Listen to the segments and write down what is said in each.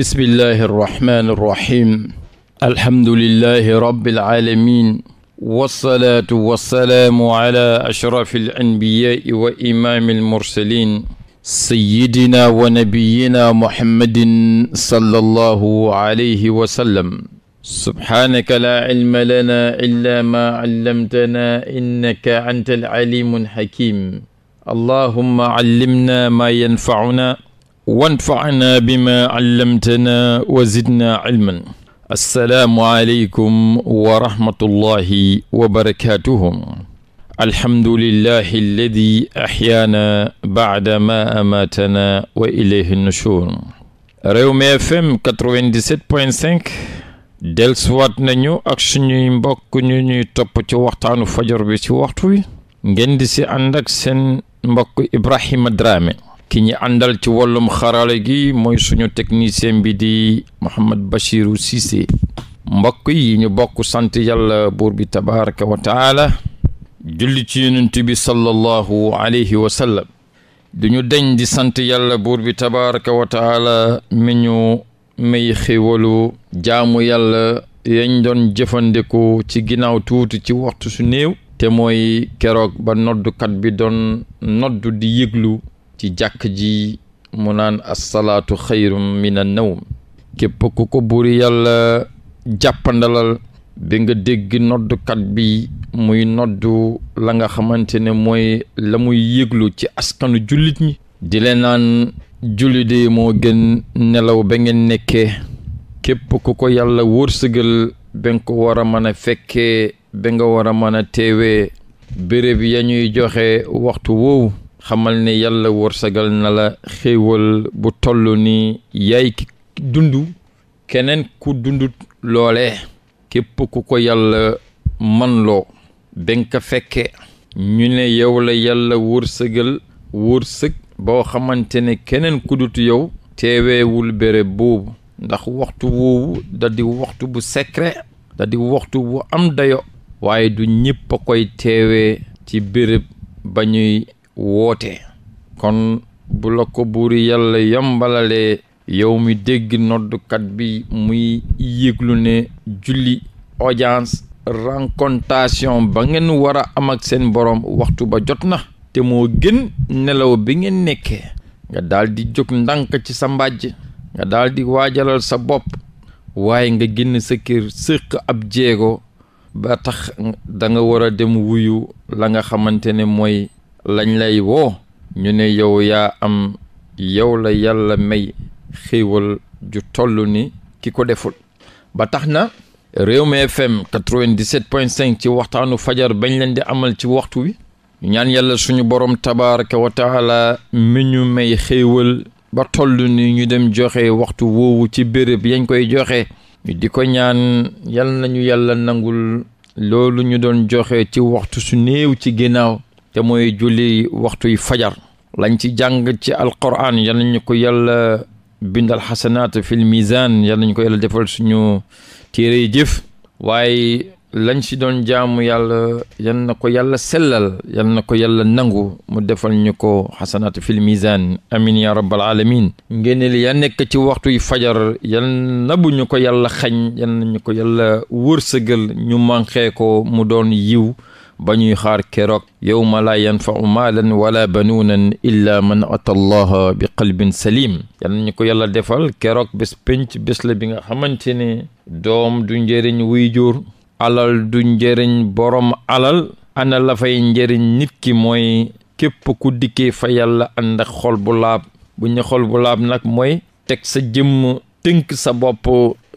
بسم الله الرحمن الرحيم الحمد لله رب العالمين والصلاة والسلام على أشرف الأنبياء وإمام المرسلين سيدنا ونبينا محمد صلى الله عليه وسلم سبحانك لا علم لنا إلا ما علمتنا إنك أنت العليم الحكيم اللهم علمنا ما ينفعنا wanfacna bima callamtana wa zidna cilman assalaamu aleykum wa rahmatullahi wa barakaatuhu alhamdulillahi alladi axyaana bacda ma amaatana wa ilayhi nushur Rewmi FM 97.5 delsuwaat nañu ak suñuy mbokk ñu ñuy topp ci waxtaanu fajar bi ci waxtu wi ngeen di si ànd ak seen mbokk Ibrahima Dramé ki ñu àndal ci wàllum xarala gi mooy suñu technicien bi di Mouhamed Bachirou Cissé mbokk yi ñu bokk sant yàlla buur bi tabaraka wa taala julli ci yonent bi sallallahu alayhi wa sallam duñu deñ sant yàlla buur bi tabaraka wa taala mi may xéwalu jaamu yàlla yañ doon jëfandikoo ci ginnaaw tuuti ci waxtu su néew te mooy keroog ba noddukat bi noddu di yëglu ci jàkk ji mu naan assalaatu xayrum min an nawm képp ku ko buri yàlla jàppandalal bi nga dégg noddukat bi muy noddu la nga xamante ne mooy la muy yëglu ci askanu jullit ñi di leen naan julli de moo gën nelaw ba ngeen nekkee képp ku ko yàlla wërsëgal ba nga ko war a mën a fekkee ba nga war a mën a teewee béréb ya ñuy joxe waxtu woowu xamal ne yàlla wërsëgal na la xéewal bu toll ni yaay ki dund keneen ku dundut loole képp ku ko yàlla man loo benka fekke ñu ne yow la yàlla wërsëgal wërsëg boo xamante ne keneen ku yow teeweewul béréb boobu ndax waxtu woowu da di waxtu bu secret da waxtu bu am dayo waaye du ñëpp a koy teewe ci béréb ba ñuy woote kon bu la ko buur yàlla yombalalee yow mi dégg noddukat bi muy yéglu ne julli audience rencontation ba ngeen war a am ak seen borom waxtu ba jot na te moo gën nelaw bi ngeen nekkee nga daldi jóg ndànk ci sa mbàjj nga daldi waajalal sa bopp waaye nga génn sa kër sëq ab jéego ba tax danga nga war a dem wuyu la nga xamante ne mooy lañ lay woo ñu ne yow yaa am yow la yàlla may xéewal ju toll ni ki ko deful ba tax na Rewmi FM 97.5 ci waxtaanu fajar bañ leen di amal ci waxtu wi ñu ñaan yàlla suñu borom tabaraka wa taala mi ñu may xéewal ba toll ni ñu dem joxe waxtu woowu ci béréb yañ koy joxe ñu di ko ñaan yal nañu yàlla nangul loolu ñu doon joxe ci waxtu su néew ci ginnaaw te mooy julli yi fajar lañ ci jàng ci alquran yal nañu ko yàlla bindal xasanaat fil mizan yal nañu ko yàlla defal suñu téere jëf waaye lañ si doon jaamu yàlla yal na ko yàlla sellal yan na ko yàlla nangu mu defal ñu ko xasanaat fil mizan amin ya rabbal alamin ngénneel ya nekk ci waxtuy fajar yan nabu ñu ko yàlla xañ yal nañu ko yàlla wërsëgal ñu manqee ko mu doon yiw ba ñuy xaar keroog yawma laa yanfau maalan wala banuunan illa man ata allaha bi qalbin salim yal nañu ko yàlla defal keroog bés pénc bés la bi nga xamante ne doom du njëriñ wuy jur alal du njëriñ borom alal ana la fay njëriñ nit ki mooy képp ku dikkee fa yàlla ànd ak xol bu laab bu ñu xol laab nag mooy teg sa jëmm tënk sa bopp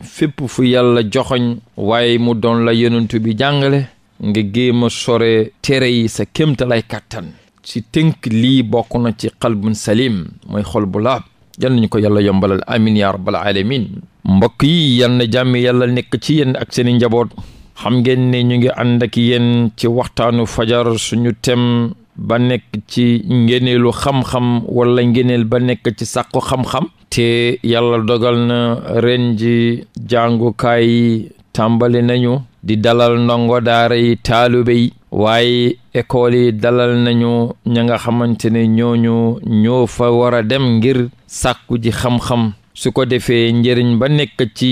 fépp fu yàlla joxoñ waaye mu doon la yonent bi jàngale nga géem a sore tere yi sa kémtalay kàttan si tënk lii bokk na ci xalbun salim mooy xol bu laab yal nañu ko yàlla yombalal amin ya rabbal alamin mbokk yi yal na jàmm yàlla nekk ci yenn ak seen njaboot xam ngeen ne ñu ngi ànd ak ci waxtaanu fajar suñu tem ba nekk ci ngeneelu xam-xam wala ngeneel ba nekk ci sàkku xam-xam te yàlla dogal na ren ji jàngukaay tàmbali nañu di dalal ndongo daara yi taalibe yi waaye école yi dalal nañu ña nga xamante ne ñooñu ñoo fa war a dem ngir sàkku ji xam-xam su ko defee njëriñ ba nekk ci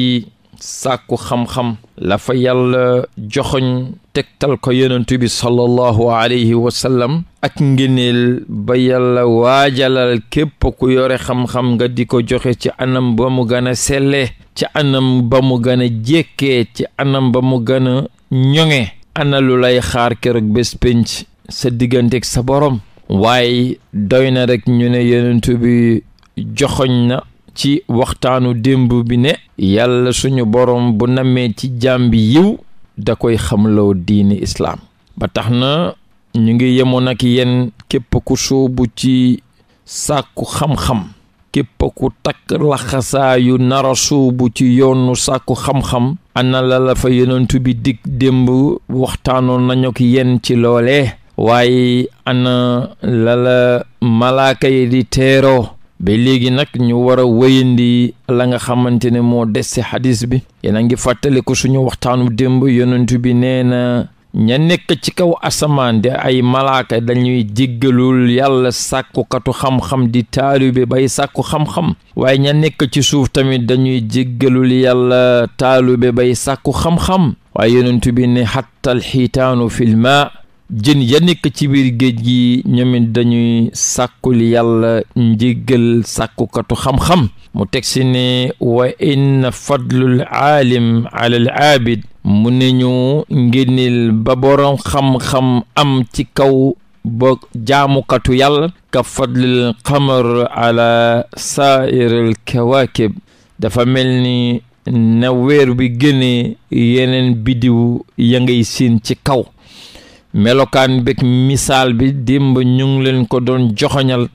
sàkku xam-xam la fa yàlla joxoñ tegtal ko yonent bi sallallahu alayhi wa sallam ak ngëneel ba yàlla waajalal képp ku yore xam-xam nga di ko joxe ci anam ba mu gën a selle ci anam ba mu gën a jékkee ci anam ba mu gën a ñoŋe ana lu lay xaar keroog bés pénc sa digganteeg sa borom waaye doy na rek ñu ne yonent bi joxoñ na ci waxtaanu démb bi ne yàlla suñu borom bu namee ci bi yiw da koy xamloo diini islaam ba tax na ñu ngi yemoon ak yenn képp ku sóobu ci sàkku xam-xam képp ku takk laxasaayu nara sóobu ci yoonu sàkku xam-xam ana la la fa yonentu bi dig démb waxtaanoon nañu ko yéen ci loole waaye ana la la malaaka yi di teeroo ba léegi nag ñu war a wéyandi la nga xamante ne moo des ci xadis bi yéen a ngi fàttali ko suñu waxtaanu démb yonent bi nee na ña nekk ci kaw asamaan di ay malaaka dañuy jéggalul yàlla sàkkukatu xam-xam di taalibe bay sàkku xam-xam waaye ña nekk ci suuf tamit dañuy jéggalul yàlla taalibe bay sakku xam-xam waaye yonent bi ne xatta alxiitaanu fil jën ya ci biir géej gi ñoom dañuy sàkkul yàlla njëgal sàkkukatu xam-xam mu teg si ne wa inna fadlul aalim ala al mu ne ñu ngénnil ba boroom xam-xam am ci kaw ba jaamukatu yàlla ka fadlil qamar ala saairil kawaakib dafa mel ni na weer bi gënee yeneen bidiw ya ngay seen ci kaw melokaan bég misaal bi dimb ñu leen ko doon joxoñal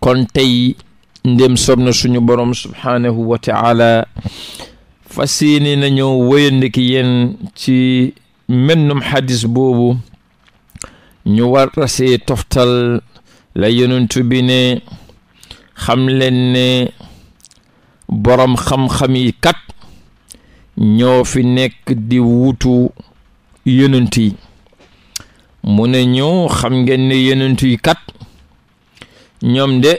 kon tey ndem sob na suñu borom subhaanahu wa taala fas yéene nañoo wëyandiki yéen ci mennum hadis boobu ñu war see toftal la yonent bi ne xam leen ne boroom xam-xam yi kat ñoo fi nekk di wutu yonent mu ne ñu xam ngeen ne yenentu yi kat ñoom de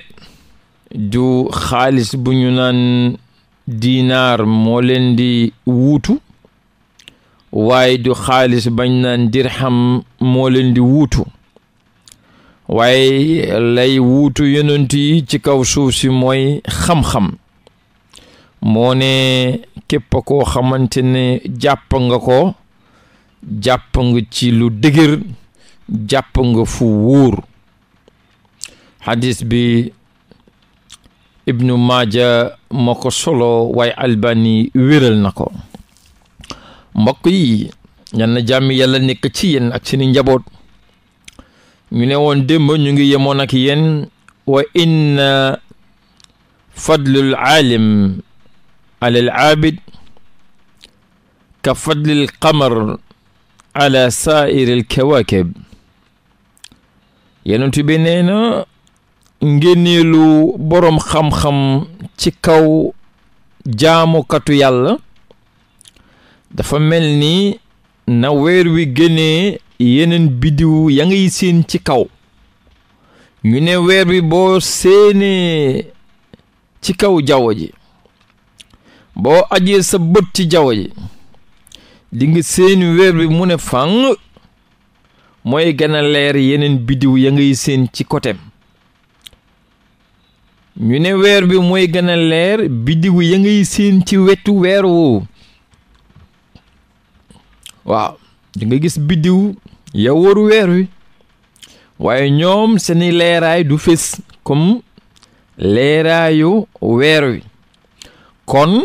du xaalis bu ñu naan diinaar moo leen wuutu waaye du xaalis bañ naan dirham moo leen di wuutu waaye lay wuutu yonent yi ci kaw suuf si mooy xam-xam moo ne képp koo xamante ne jàpp nga ko jàpp nga ci lu dëgër jàpp nga fu wuur xadis bi ibnu maaja moo ko solo waaye albani wéral na ko mbokk yi ñan na jàmm yàlla nekk ci yéen ak seeni njaboot ñu ne woon démb ñu ngi yemoon ak yen wa inna fadlul aalim alal aabid ka fadlil qamar ala saairil kawaakib yonent bi nee na ngénneelu boroom xam-xam ci kaw jaamukatu yàlla dafa mel ni na weer wi génnee yeneen biddiw ya ngi séen ci kaw ñu ne weer wi boo séenee ci kaw jaww ji boo ajee sa bët ci jaww ji di nga weer wi mu ne fàng mooy gën leer yeneen biddiw ya ngay seen ci côté ñu ne weer bi mooy gën leer biddiw ya ngay seen ci wetu weer woowu waaw di nga gis biddiw ya weer wi waaye ñoom seeni leeraay du fés kom leeraayu weer wi kon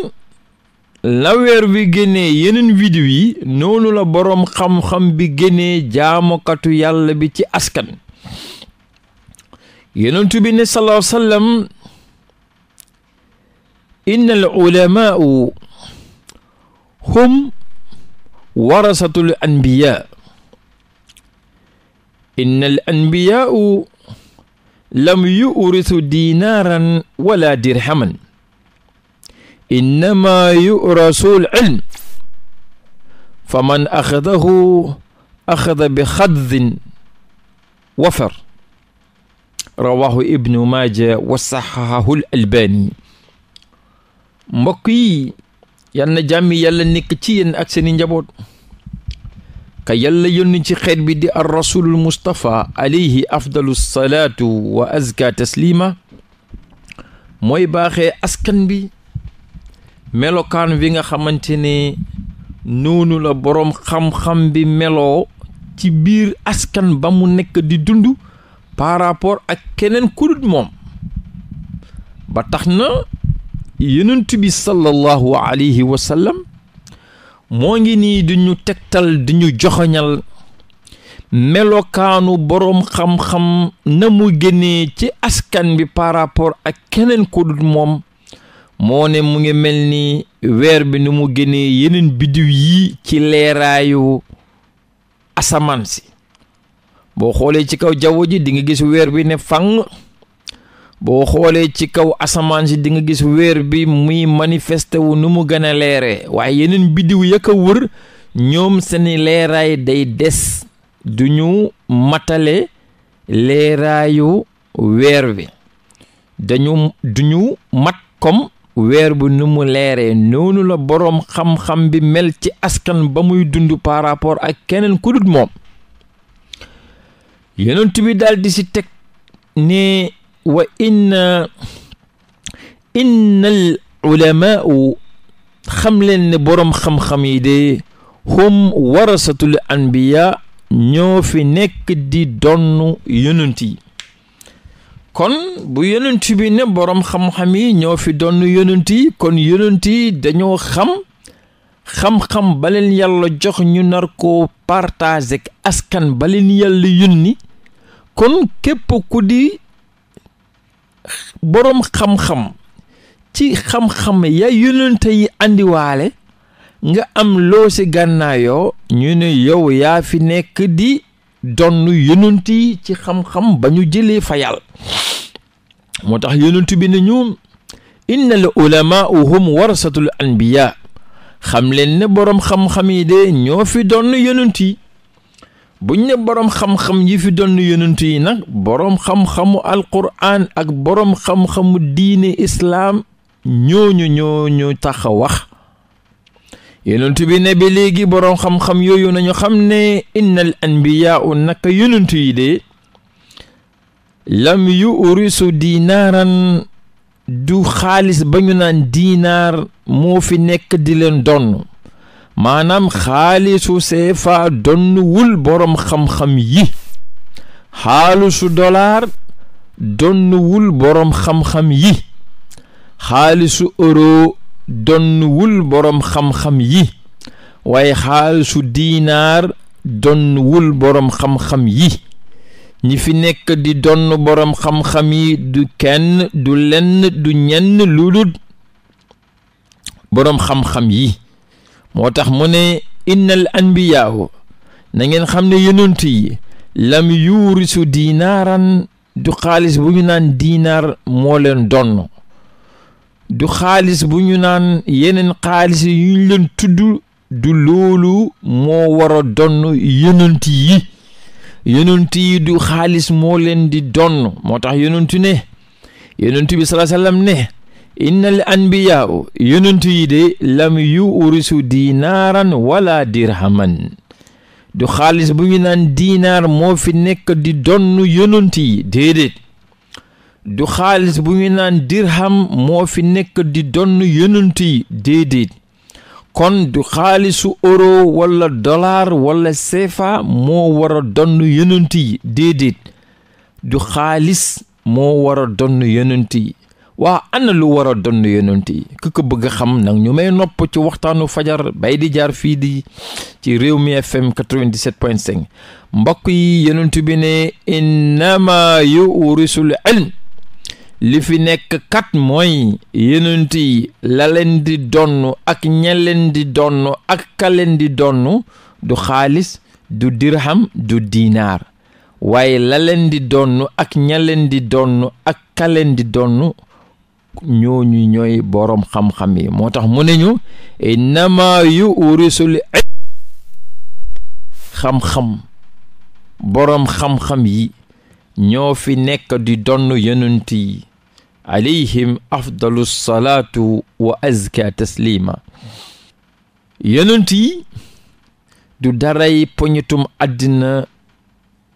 la weer wi génnee yeneen widéo yi noonu la boroom xam-xam bi génnee jaamukatu yàlla bi ci askan yonentu bi ne sallallahu alayhi wa sallam inna al ulamaau hum warasatul anbiya inna al anbiyaau lam yurisu dinaaran wala dirhaman innama yurasul ilm fa man axadahu axada bi xaddin wafar rawahu ibnu maaja wa saxahahu l albaani mbokk yi yal na jàmmi yàlla nekk ci yéen ak seeni njaboot ka yàlla yónni ci xeet bi di ar rasulul mustapha alayhi afdalu salaatu wa azka taslima mooy baaxee askan bi melokaanu wi nga xamante ni noonu la boroom xam-xam bi meloo ci biir askan ba mu nekk di dund par rapport ak keneen ku moom ba tax na yonent bi sallallahu alayhi wa moo ngi nii di ñu tegtal di ñu joxoñal melokaanu boroom xam-xam na mu génne ci askan bi par rapport ak keneen ku moom moo ne mu ngi mel ni weer bi ni mu génnee yeneen biddiw yi ci leeraayu asamaan si boo xoolee ci kaw jaww ji di nga gis weer bi ne fang boo xoolee ci kaw asamaan si di nga gis weer bi muy manifesté wu nu mu gën a leeree waaye yeneen biddiw ya wër ñoom seeni leeraay day des du ñu matale leeraayu weer bi dañu du ñu mat comme weer bu nu mu leeree noonu la boroom xam-xam bi mel ci askan ba muy dund par rapport ak keneen ku dut moom yonent bi daal si teg ne wa inna innal ulama xam leen ne boroom xam-xam yi de hum warasatul anbiya ñoo fi nekk di donn yonent kon bu yonent bi ne boroom xam-xam yi ñoo fi donn yonent yi kon yonent yi dañoo xam xam-xam baleen yàlla jox ñu nar koo partager askan baleen yàlla yónni kon képp ku di boroom xam-xam ci xam-xam ya yonent yi indiwaale nga am loo si gànnaayoo ñu ne yow yaa fi nekk di donn yonent yi ci xam-xam ba ñu jëlee fayal moo tax yonentu bi ne ñu inna al ulamaa hum warasatul anbiya xam leen ne boroom xam-xam yi de ñoo fi doon yonent yi buñ ne boroom xam-xam yi fi doon yonent yi nag boroom xam-xamu alquraan ak boroom xam-xamu diine islaam ñooñu ñooñu tax a wax yonent bi ne ba léegi boroom xam-xam yooyu nañu xam ne inna innal anbiyaa naka yonent yi de lam yu urisu diinaaran du xaalis ba naan diinaar moo fi nekk di leen donn maanaam xaalisu seefa donnuwul boroom xam-xam yi xaalisu dollar donnuwul boroom xam-xam yi xaalisu euro donnuwul boroom xam-xam yi waaye xaalisu diinaar donnuwul boroom xam-xam yi ñi fi nekk di donn boroom xam-xam yi du kenn du lenn du ñenn lu dul boroom xam-xam yi moo tax mu ne innal anbiyaahu na ngeen xam ne yonent yi lam yuurisu diinaaran du xaalis bu ñu naan diinaar moo leen donn du xaalis bu ñu naan yeneen xaalis yu ñu leen tudd du loolu moo war donn yonent yi yonent du xaalis moo di donn moo tax yonent ne yonent bi salaa sallam ne innal anbiyaa yonent yi de lam yu urisu diinaaran wala dirhaman du xaalis bu ñu naan diinaar moo fi nekk di donn yonent yi du xaalis bu ñu naan dirham moo fi nekk di donn yonent yi kon du xaalisu euro wala dollar wala CFA moo war a donn yi déedéet du xaalis moo war a donn yonent yi waa ana lu war a donn yonent yi ku ko bëgg xam nag ñu may nopp ci waxtaanu fajar bay di jaar fii di ci réew mi fm 97.5 mbokk yi yonent bi ne innama yurisul ilm li fi nekk kat mooy yonent yi la leen di donn ak ña leen di donn ak ka leen di donn du xaalis du dirham du diinaar waaye la leen di donn ak ña leen di donn ak ka leen di donn ñooñu ñooy boroom xam-xam yi moo tax mu ne ñu innama yu urisul xam-xam boroom xam-xam yi ñoo fi nekk di donn yonent yi alayhim salaatu wa azka taslima yi du daray poñitum àddina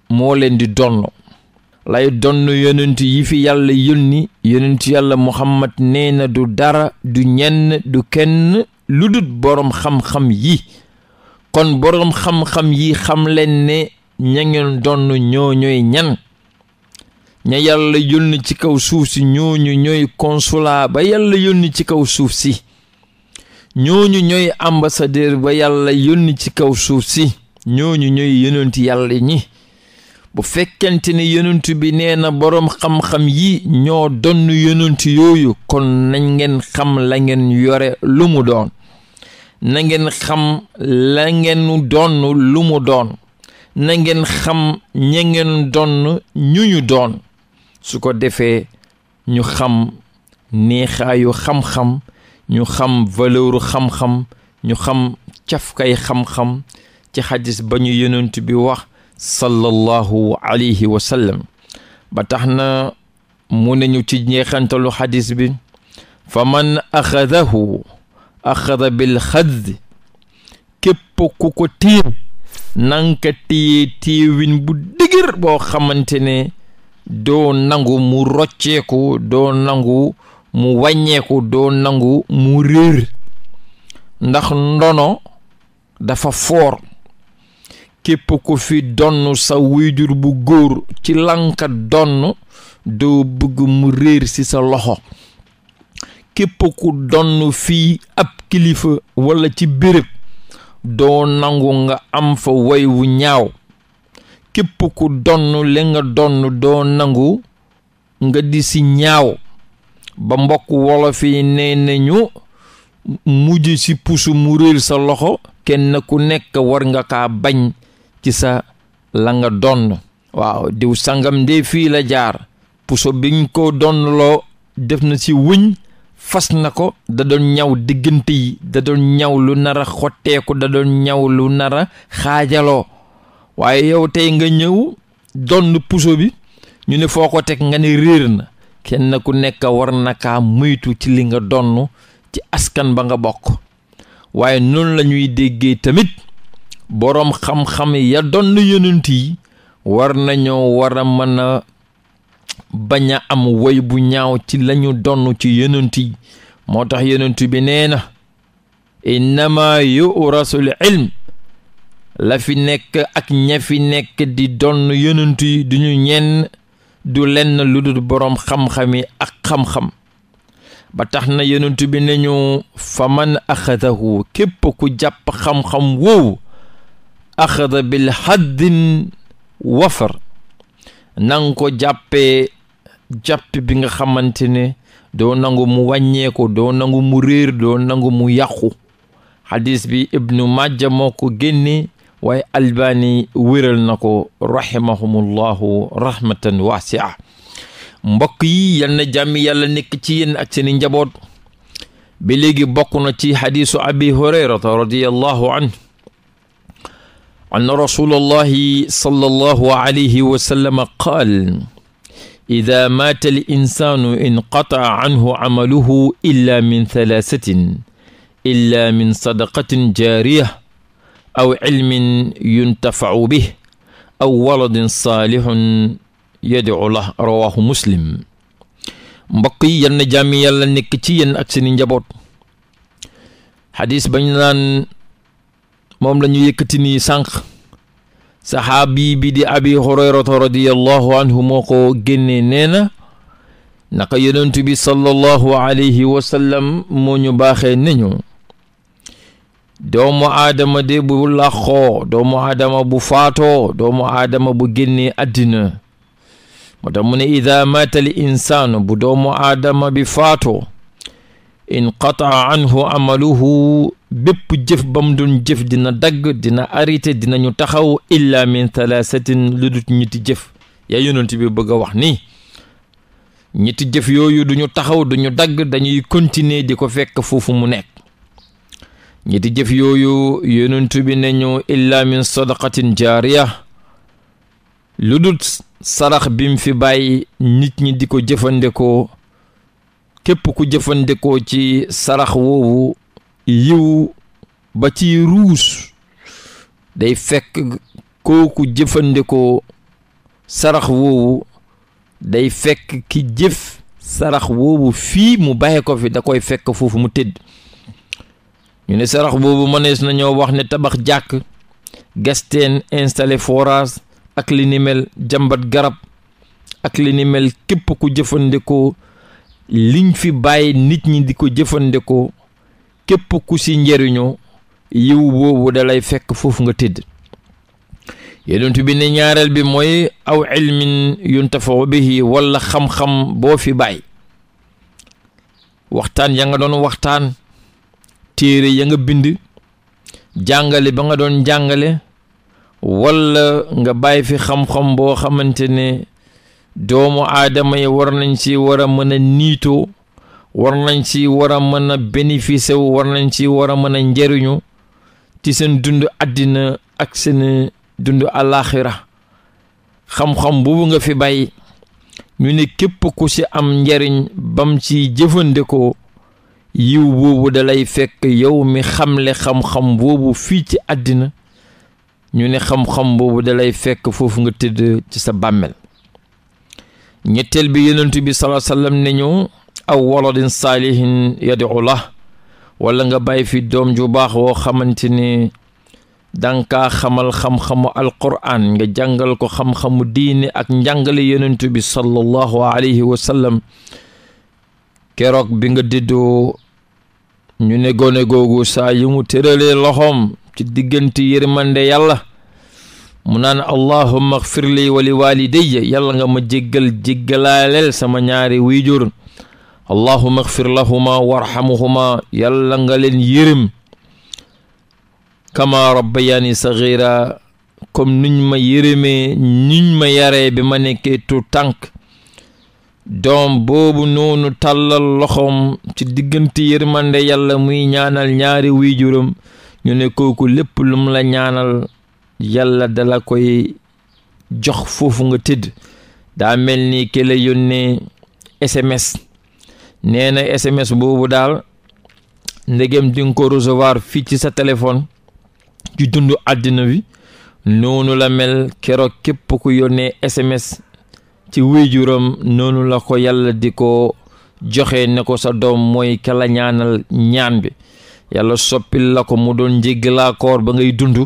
moo leen di donn lay donn yonent yi fi yàlla yónni yonent yàlla muhammad nee na du dara du ñenn du kenn lu dut xam-xam yi kon boroom xam-xam yi xam leen ne ña ngeen donn ñoo ñooy ña yàlla yónni ci kaw suuf si ñooñu ñooy consulat ba yàlla yónni ci kaw suuf si ñooñu ñoy ambassadeur ba yàlla yónni ci kaw suuf si ñooñu ñooy yonenti yàlla ñi bu fekkente ne yonent bi nee na boroom xam-xam yi ñoo donn yonent yooyu kon nañ ngeen xam la ngeen yore lu mu doon na ngeen xam la ngeen donn lu mu doon na ngeen xam ña ngeen donn ñu ñu doon su ko defee ñu xam neexaayu xam-xam ñu xam valeuru xam-xam ñu xam cafkay xam ci xadis ba ñu yonent bi wax sallallahu alayhi wa sallam ba tax na mu nañu ci ñeexantalu xadiis bi fa man axadahu axada bil xadd képp ku ko tiir nanka téyee téewin bu dëgër boo xamante ne doo nangu mu rocceeku doo nangu mu wàññeeku doo nangu mu réer ndax ndono dafa foor képp ku fi donn sa wuyjur bu góor ci lankat donn doo bëgg mu réer ci sa loxo képp ku donn fii ab kilifa walla ci béréb doo nangu nga am fa way wu ñaaw képp ku donn li nga donn doo nangu nga di si ñaaw ba mbokk wolof yi nee nañu mujj si pusu mu réel sa loxo kenn ku nekk war nga kaa bañ ci sa la nga donn waaw diw sangam de fii la jaar puso biñ ko donnloo def na ci wëñ fas na ko da doon ñaw diggante yi da doon ñaw lu nar a xotteeku da doon ñaw lu nar a xaajaloo waaye yow tey nga ñëw donn puso bi ñu ne foo ko teg nga ne réer na kenn ku nekk war na kaa moytu ci li nga donn ci askan ba nga bokk waaye noonu lañuy ñuy déggee tamit boroom xam-xam ya donn yonent yi war nañoo war a mën a bañ a am woy bu ñaaw ci lañu donn ci yonent yi moo tax yonent bi nee na innama yurasul ilm lafi nekk ak ña nekk di donn yonent yi du ñu ñenn du lenn lu dul boroom xam yi ak xam-xam ba tax na yonent bi nañu faman axadahu képp ku jàpp xam-xam woowu axada bil haddin wafar nang ko jàppee jàpp bi nga xamante ne doo nangu mu wàññeeku doo nangu mu réer doo nangu mu yàqu xadis bi ibnu majja moo ko génne waaye albaani wéral na ko rahimahumullahu rahmatan wasia mbokk yi yal na jàmmi yàlla nekk ci yéen ak seeni njaboot ba léegi bokk na ci xadiisu abi hurayrata radiallahu anhu anna rasulallahi sallallahu alayhi wa sallam qaal ida maata al insaanu inqataa anhu amaluhu illa min thalaasatin illa min sadaqatin jaariya aw cilmin yuntafacu bih aw waladin saalihun yadcu lah rawahu muslim mbokk yi yal na jàmmi yàlla nekk ci yéen ak seeni njaboot xadis bañ naan moom la ñu yëkkati sànq saxaabi bi di abi hurayrata radiallahu anhu moo ko génnee nee na naka yonentu bi sallallahu alayhi wa moo ñu baaxee nañu doomu aadama de bu làqoo doomu aadama bu faatoo doomu aadama bu génnee àddina moo tax mu ne ida maata al bu doomu aadama bi faatoo inqataa anhu amaluhu bépp jëf ba mu doon jëf dina dagg dina arrêté dinañu taxaw illa min thalaasatin lu dut ñetti jëf yaa bi bëgg a wax ni ñetti jëf yooyu duñu taxaw duñu dagg dañuy continuer di ko fekk foofu mu nekk ñetti jëf yooyu yonent bi nañu illa min sadaqatin jaariya lu dul sarax bim fi bàyyi nit ñi di ko jëfandikoo képp ku jëfandikoo ci sarax woowu yiw ba ci ruus day fekk kooku jëfandikoo sarax woowu day fekk ki jëf sarax woowu fii mu bàyyi ko fi da koy fekk foofu mu tëdd ñu ne sarax boobu mënees nañoo wax ne tabax jàkk gasteen installe forage ak li ni garab ak li ni képp ku jëfandikoo liñ fi bàyyi nit ñi di ko jëfandikoo képp ku ci njëriñoo yiw boobu dalay fekk foofu nga tëdd yonent bi ne ñaareel bi mooy aw ilmin yuntafau bihi walla xam-xam boo fi bàyyi waxtaan ya nga doon waxtaan téere ya nga bind jàngale ba nga doon jàngale walla nga bàyyi fi xam-xam boo xamante ne doomu aadama yi war nañ ci war a mën a niitoo war nañ ci war a mën a bénéficier war nañ ci war a mën a njëriñu ci seen dund àddina ak seen dund àllaaxira xam-xam boobu nga fi bàyyi ñu ne képp ku ci am njariñ bam ci jëfandikoo yiw boobu dalay fekk yow mi xamle xam-xam boobu fii ci àddina ñu ne xam-xam boobu dalay fekk foofu nga tëdd ci sa bàmmeel ñetteel bi yonent bi salaa sallam ne ñu aw waladin saalihin yad'u lah wala nga bàyyi fi doom ju baax woo xamante ne danga xamal xam-xamu alquran nga jàngal ko xam-xamu diine ak njàngale yonent bi sallallahu alayhi wa keroog bi nga diddoo ñu ne goone googu saa yi mu tëralee loxoom ci diggante yërmande yàlla mu naan allahumma xfirli wa li walidayya yàlla nga ma jéggal jéggalaaleel sama ñaari wiijur allahumma xfir lahuma warxamuhuma yàlla nga leen yërëm kama rabbayaani saxiira comme nuñ ma yërëmee nuñ ma yare bi ma nekkee tu tànk doom boobu noonu tàllal loxoom ci diggante yërmande yàlla muy ñaanal ñaari waajuram ñu ne kooku lépp lum la ñaanal yàlla dala koy jox foofu nga tëdd daa mel ni ke la yónnee SMS neena na SMS boobu daal ndegem di nga ko recevoir fii ci sa téléphone ci dundu àddina wi noonu la mel keroog képp ku yónnee SMS ci wéyjuram noonu la ko yàlla di ko joxe ne ko sa doom mooy kala ñaan bi yàlla soppil la ko mu doon njéggalaa koor ba ngay dund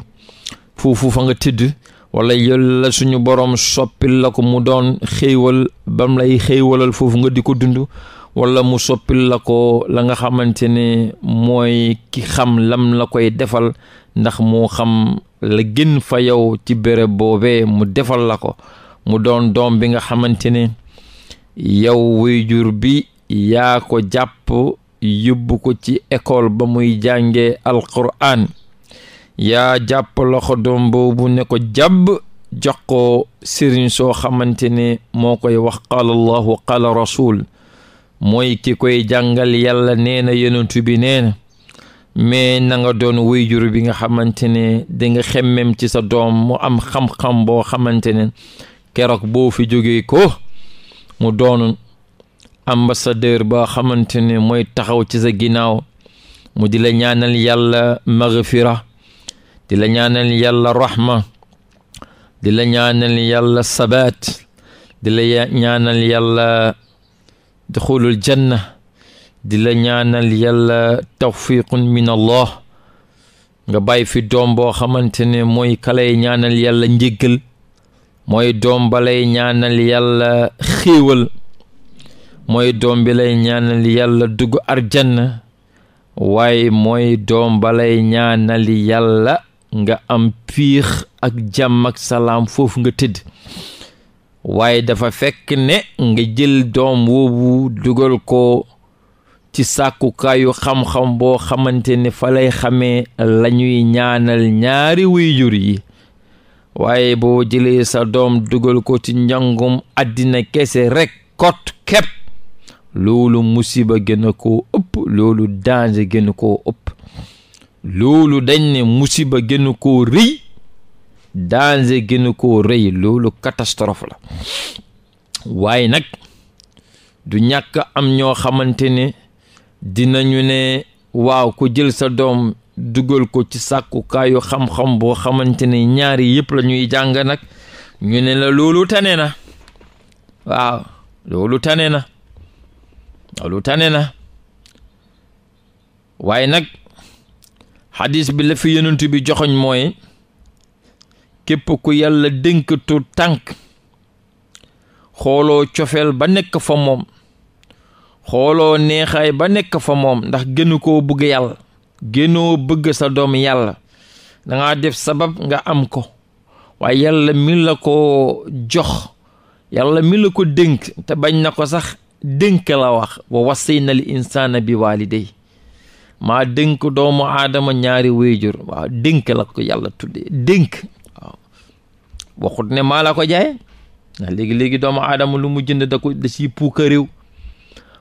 foofu fa nga tëdd wala yàlla suñu borom soppil la ko mu doon xéewal bam lay xéewalal foofu nga di ko dund walla mu soppil la ko la nga xamante ne mooy ki xam lam la koy defal ndax moo xam la génn fa yow ci béréb boobee mu defal la ko mu doon doom bi nga xamante ne yow wayjur bi yaa ko jàpp yóbbu ko ci école ba muy jàngee alquran yaa jàpp loxo doom boobu ne ko jàbb jox ko sëriñ soo xamante ne moo koy wax qaala allahu qaala rasul mooy ki koy jàngal yàlla nee na yonentu bi nee na mais na nga doon wayjur bi nga xamante ne di nga xemmem ci sa doom mu am xam-xam boo xamante ne keroog boo fi jógee ko mu doon ambassadeur boo xamante ne mooy taxaw ci sa ginnaaw mu di la ñaanal yàlla maghfira di la ñaanal yàlla rahma di la ñaanal yàlla sabaat di la ñaanal yàlla duxulul janna di la ñaanal yàlla tawfiqun min allah nga bàyyi fi doom boo xamante ne mooy kalay ñaanal yàlla njéggal mooy doom ba ñaanal yàlla xéewal mooy doom bi lay ñaanal yàlla dugg arjanna waaye mooy doom ba lay ñaanal yàlla nga am piix ak jàmm ak salaam foofu nga tëdd waaye dafa fekk ne nga jël doom woowu dugal ko ci sàkkukaayu xam-xam boo xamante ne fa lay xamee la ñuy ñaanal ñaari waajur yi waaye boo jëlee sa doom dugal ko ci njàngum àddina kese rek kot kepp loolu musiba gën a ëpp loolu danger gën a ëpp loolu dañ ne musiba gën ko koo rëy danger gën a rëy loolu catastrophe la waaye nag du ñàkk am ñoo xamante ne dinañu ne waaw ko jël sa doom dugal ko ci sàkkukaayu xam-xam boo xamante ne ñaari yëpp lañuy jàng nag ñu ne la loolu tane na waaw loolu tane na loolu tane na waaye nag xadis bi la fi yonent bi joxoñ mooy képp ku yàlla dénkatu tànk xooloo cofeel ba nekk fa moom xooloo neexaay ba nekk fa moom ndax gënu koo bëgg yàlla génnoo bëgg sa doom yàlla dangaa def sabab nga am ko waa yàlla mi la ko jox yàlla mi ko dénk te bañ na ko sax dénk la wax wa wasaynal insaana bi waaliday maa dénk doomu aadama ñaari wéyjur waaw dénk la ko yàlla tuddee dénk waxut ne maa ko jaay ndax léegi-léegi doomu aadama lu mu jënd da ko da siy puuka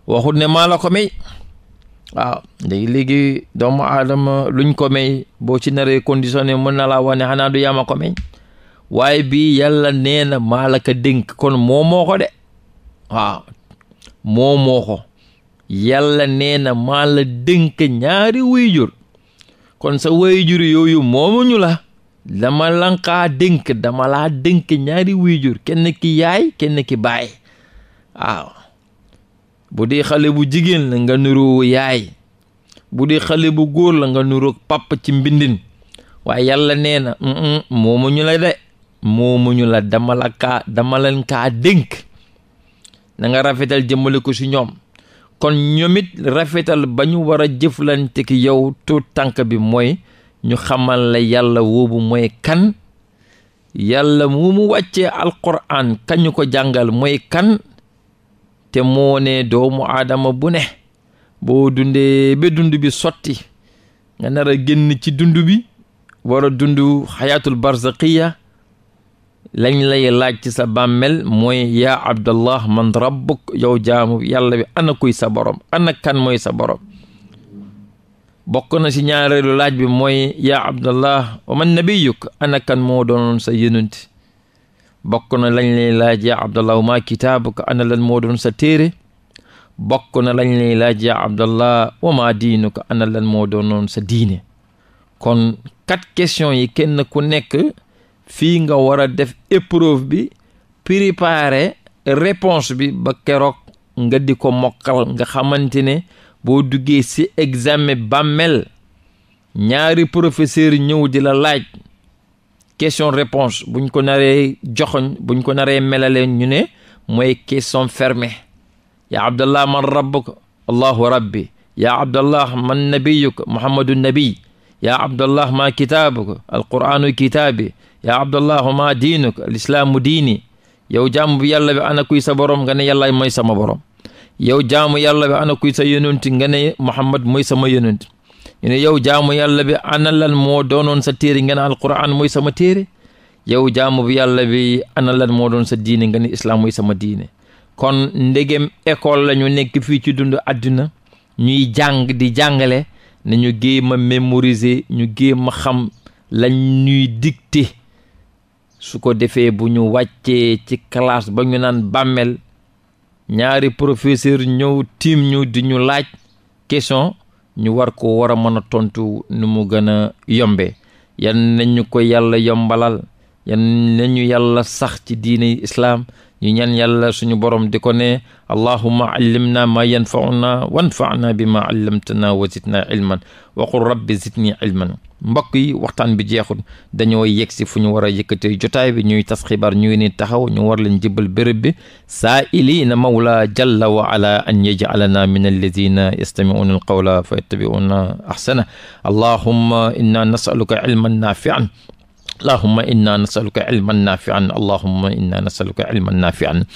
waxut ne maa ko may waaw léegi doomu aadama luñ ko may boo ci naree conditionné mën na laa wane ne du yama ko may waaye bii yàlla nee na maa la dénk kon moo moo ko de waaw moo moo ko yàlla nee na maa la dénk ñaari waajur kon sa waajur yooyu moomuñu la dama lankaa dénk dama la dénk ñaari waajur kenn ki yaay kenn ki baay waaw bu dee xale bu jigéen la nga nuroo yaay bu dee xale bu góor la nga nuroo pàpp ci mbindin waaye yàlla nee na moomu ñu la de moomu la dama la kaa dénk na rafetal jëmmale ko si ñoom kon ñoom it rafetal ba ñu war a jëflante yow tuut tànk bi mooy ñu xamal la yàlla woobu mooy kan yàlla mu mu wàccee alquran kañu ko jàngal mooy kan te moo doomu aadama bu ne boo dundee ba dund bi sotti nga nar a génn ci dund bi war a dund xayaatul barzaqiya lañ lay laaj ci sa bàmmel mooy yaa abdallah man rabbuk yow jaamu yàlla bi ana kuy sa borom ana kan mooy sa borom bokk na ci ñaareelu laaj bi mooy yaa abdallah wa man nabiyuk ana kan moo doonoon sa yenanti bokk na lañ lay laajee abdallah ma kitaabuka ana moo doon sa téere bokk na lañ lay laajee abdallah wa ma diinuka ana lan moo doonoon sa diine kon quatre questions yi kenn ku nekk fii nga war a def épreuve bi préparer réponse bi ba keroog nga di ko mokkal nga xamante ne boo duggee si examen bàmmel ñaari professeur ñëw di la laaj question bu ñu ko naree joxoñ buñ ko naree melale ñu ne mooy question fermée yaa abdallah man rabbuka allahu rabbi yaa abdallah man nabiyuka muhammadu nabiy yaa abdallah ma kitaabuka alquranu kitaabi yaa abdallah ma diinuka alislaamu diini yow jaamu yàlla bi ana kuy sa borom nga ne yàlla mooy sama borom yow jaamu yàlla bi ana kuy sa yonent nga ne muhammad mooy sama yonent ñu ne yow jaamu yàlla bi ana moo doonoon sa téere nga ne alquran mooy sama téere yow jaamu bi yàlla bi ana moo doon sa diine nga ne islaam mooy sama diine kon ndegem école lañu nekk fii ci dund àdduna ñuy jàng di jàngale na ñu géem a ñu géem a xam lañ ñuy dicté su ko defee bu ñu wàccee ci classe ba ñu naan bàmmeel ñaari professeur ñëw tiim ñu di ñu laaj question ñu war ko war a mën a tontu nu mu gën a yombe yan nañu ko yàlla yombalal yan nañu yàlla sax ci diine islaam ñu ñaan yàlla suñu borom di ko ne allahumma allimna ma yan yanfauna bi ma allamtana wa zidna ilman wa qul rabbi zidni ilman mbokk yi waxtaan bi jeexul dañoo yegg si fu ñu war a yëkkatee jotaay bi ñuy tas xibaar ñuy ni taxaw ñu war leen jëbal bërëb bi saa iliina mawla jalla wa ala an yaj'alana min alladina yastami'una alqawla fa yattabi'una ahsana allahumma inna nas'aluka ilman nafi'an allahuma inna nasaluka ilman naafian allahuma inna nasaluka ilman naafian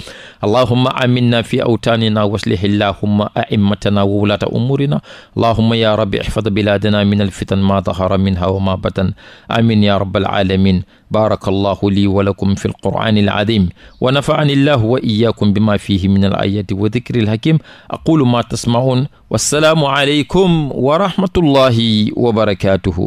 allahuma aminna fi awtaanina waslih illahuma aimmatana wa wulaata umuurina allahuma ya rabbi ihfad bilaadana min alfitan ma dahara minha wa ma batan amin ya rabbal alamin baraka allahu lii wa lakum fi alqur'ani alazim wa nafaani allahu wa iyaakum bima fihi min alayati wa dikri alhakim aqulu ma tasmaun wassalaamu aleykum wa rahmatullahi wa barakatuhu